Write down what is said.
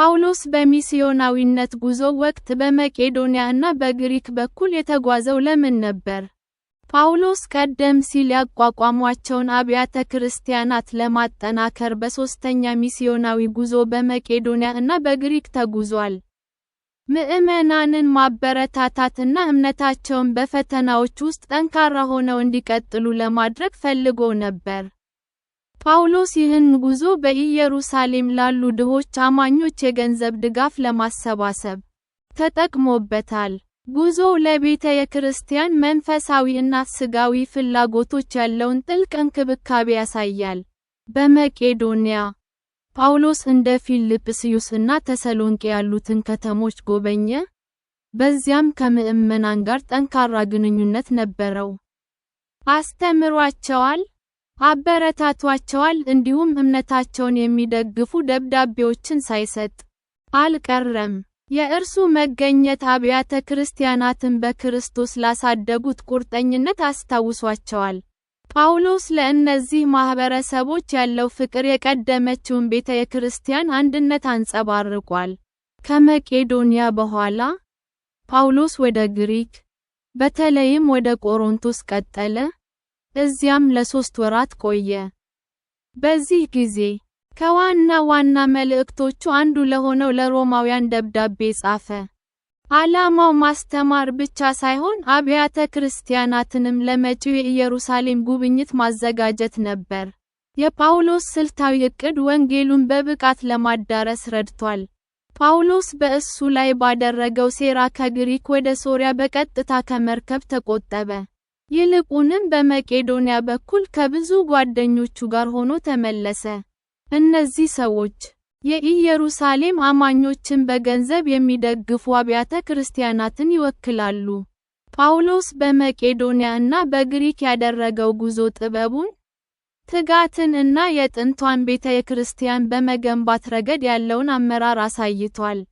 ጳውሎስ በሚስዮናዊነት ጉዞ ወቅት በመቄዶንያ እና በግሪክ በኩል የተጓዘው ለምን ነበር? ጳውሎስ ቀደም ሲል ያቋቋሟቸውን አብያተ ክርስቲያናት ለማጠናከር በሦስተኛ ሚስዮናዊ ጉዞ በመቄዶንያ እና በግሪክ ተጉዟል። ምዕመናንን ማበረታታትና እምነታቸውን በፈተናዎች ውስጥ ጠንካራ ሆነው እንዲቀጥሉ ለማድረግ ፈልጎ ነበር። ጳውሎስ ይህን ጉዞ በኢየሩሳሌም ላሉ ድሆች አማኞች የገንዘብ ድጋፍ ለማሰባሰብ ተጠቅሞበታል። ጉዞው ለቤተ የክርስቲያን መንፈሳዊ እና ስጋዊ ፍላጎቶች ያለውን ጥልቅ እንክብካቤ ያሳያል። በመቄዶንያ ጳውሎስ እንደ ፊልጵስዩስ እና ተሰሎንቄ ያሉትን ከተሞች ጎበኘ፣ በዚያም ከምዕመናን ጋር ጠንካራ ግንኙነት ነበረው። አስተምሯቸዋል አበረታቷቸዋል እንዲሁም እምነታቸውን የሚደግፉ ደብዳቤዎችን ሳይሰጥ አልቀረም። የእርሱ መገኘት አብያተ ክርስቲያናትን በክርስቶስ ላሳደጉት ቁርጠኝነት አስታውሷቸዋል። ጳውሎስ ለእነዚህ ማኅበረሰቦች ያለው ፍቅር የቀደመችውን ቤተ ክርስቲያን አንድነት አንጸባርቋል። ከመቄዶንያ በኋላ፣ ጳውሎስ ወደ ግሪክ፣ በተለይም ወደ ቆሮንቶስ ቀጠለ። እዚያም ለሶስት ወራት ቆየ። በዚህ ጊዜ ከዋና ዋና መልእክቶቹ አንዱ ለሆነው ለሮማውያን ደብዳቤ ጻፈ። ዓላማው ማስተማር ብቻ ሳይሆን አብያተ ክርስቲያናትንም ለመጪው የኢየሩሳሌም ጉብኝት ማዘጋጀት ነበር። የጳውሎስ ስልታዊ ዕቅድ ወንጌሉን በብቃት ለማዳረስ ረድቷል። ጳውሎስ በእሱ ላይ ባደረገው ሴራ ከግሪክ ወደ ሶርያ በቀጥታ ከመርከብ ተቆጠበ። ይልቁንም በመቄዶንያ በኩል ከብዙ ጓደኞቹ ጋር ሆኖ ተመለሰ። እነዚህ ሰዎች የኢየሩሳሌም አማኞችን በገንዘብ የሚደግፉ አብያተ ክርስቲያናትን ይወክላሉ። ጳውሎስ በመቄዶንያ እና በግሪክ ያደረገው ጉዞ ጥበቡን፣ ትጋትን እና የጥንቷን ቤተ ክርስቲያን በመገንባት ረገድ ያለውን አመራር አሳይቷል።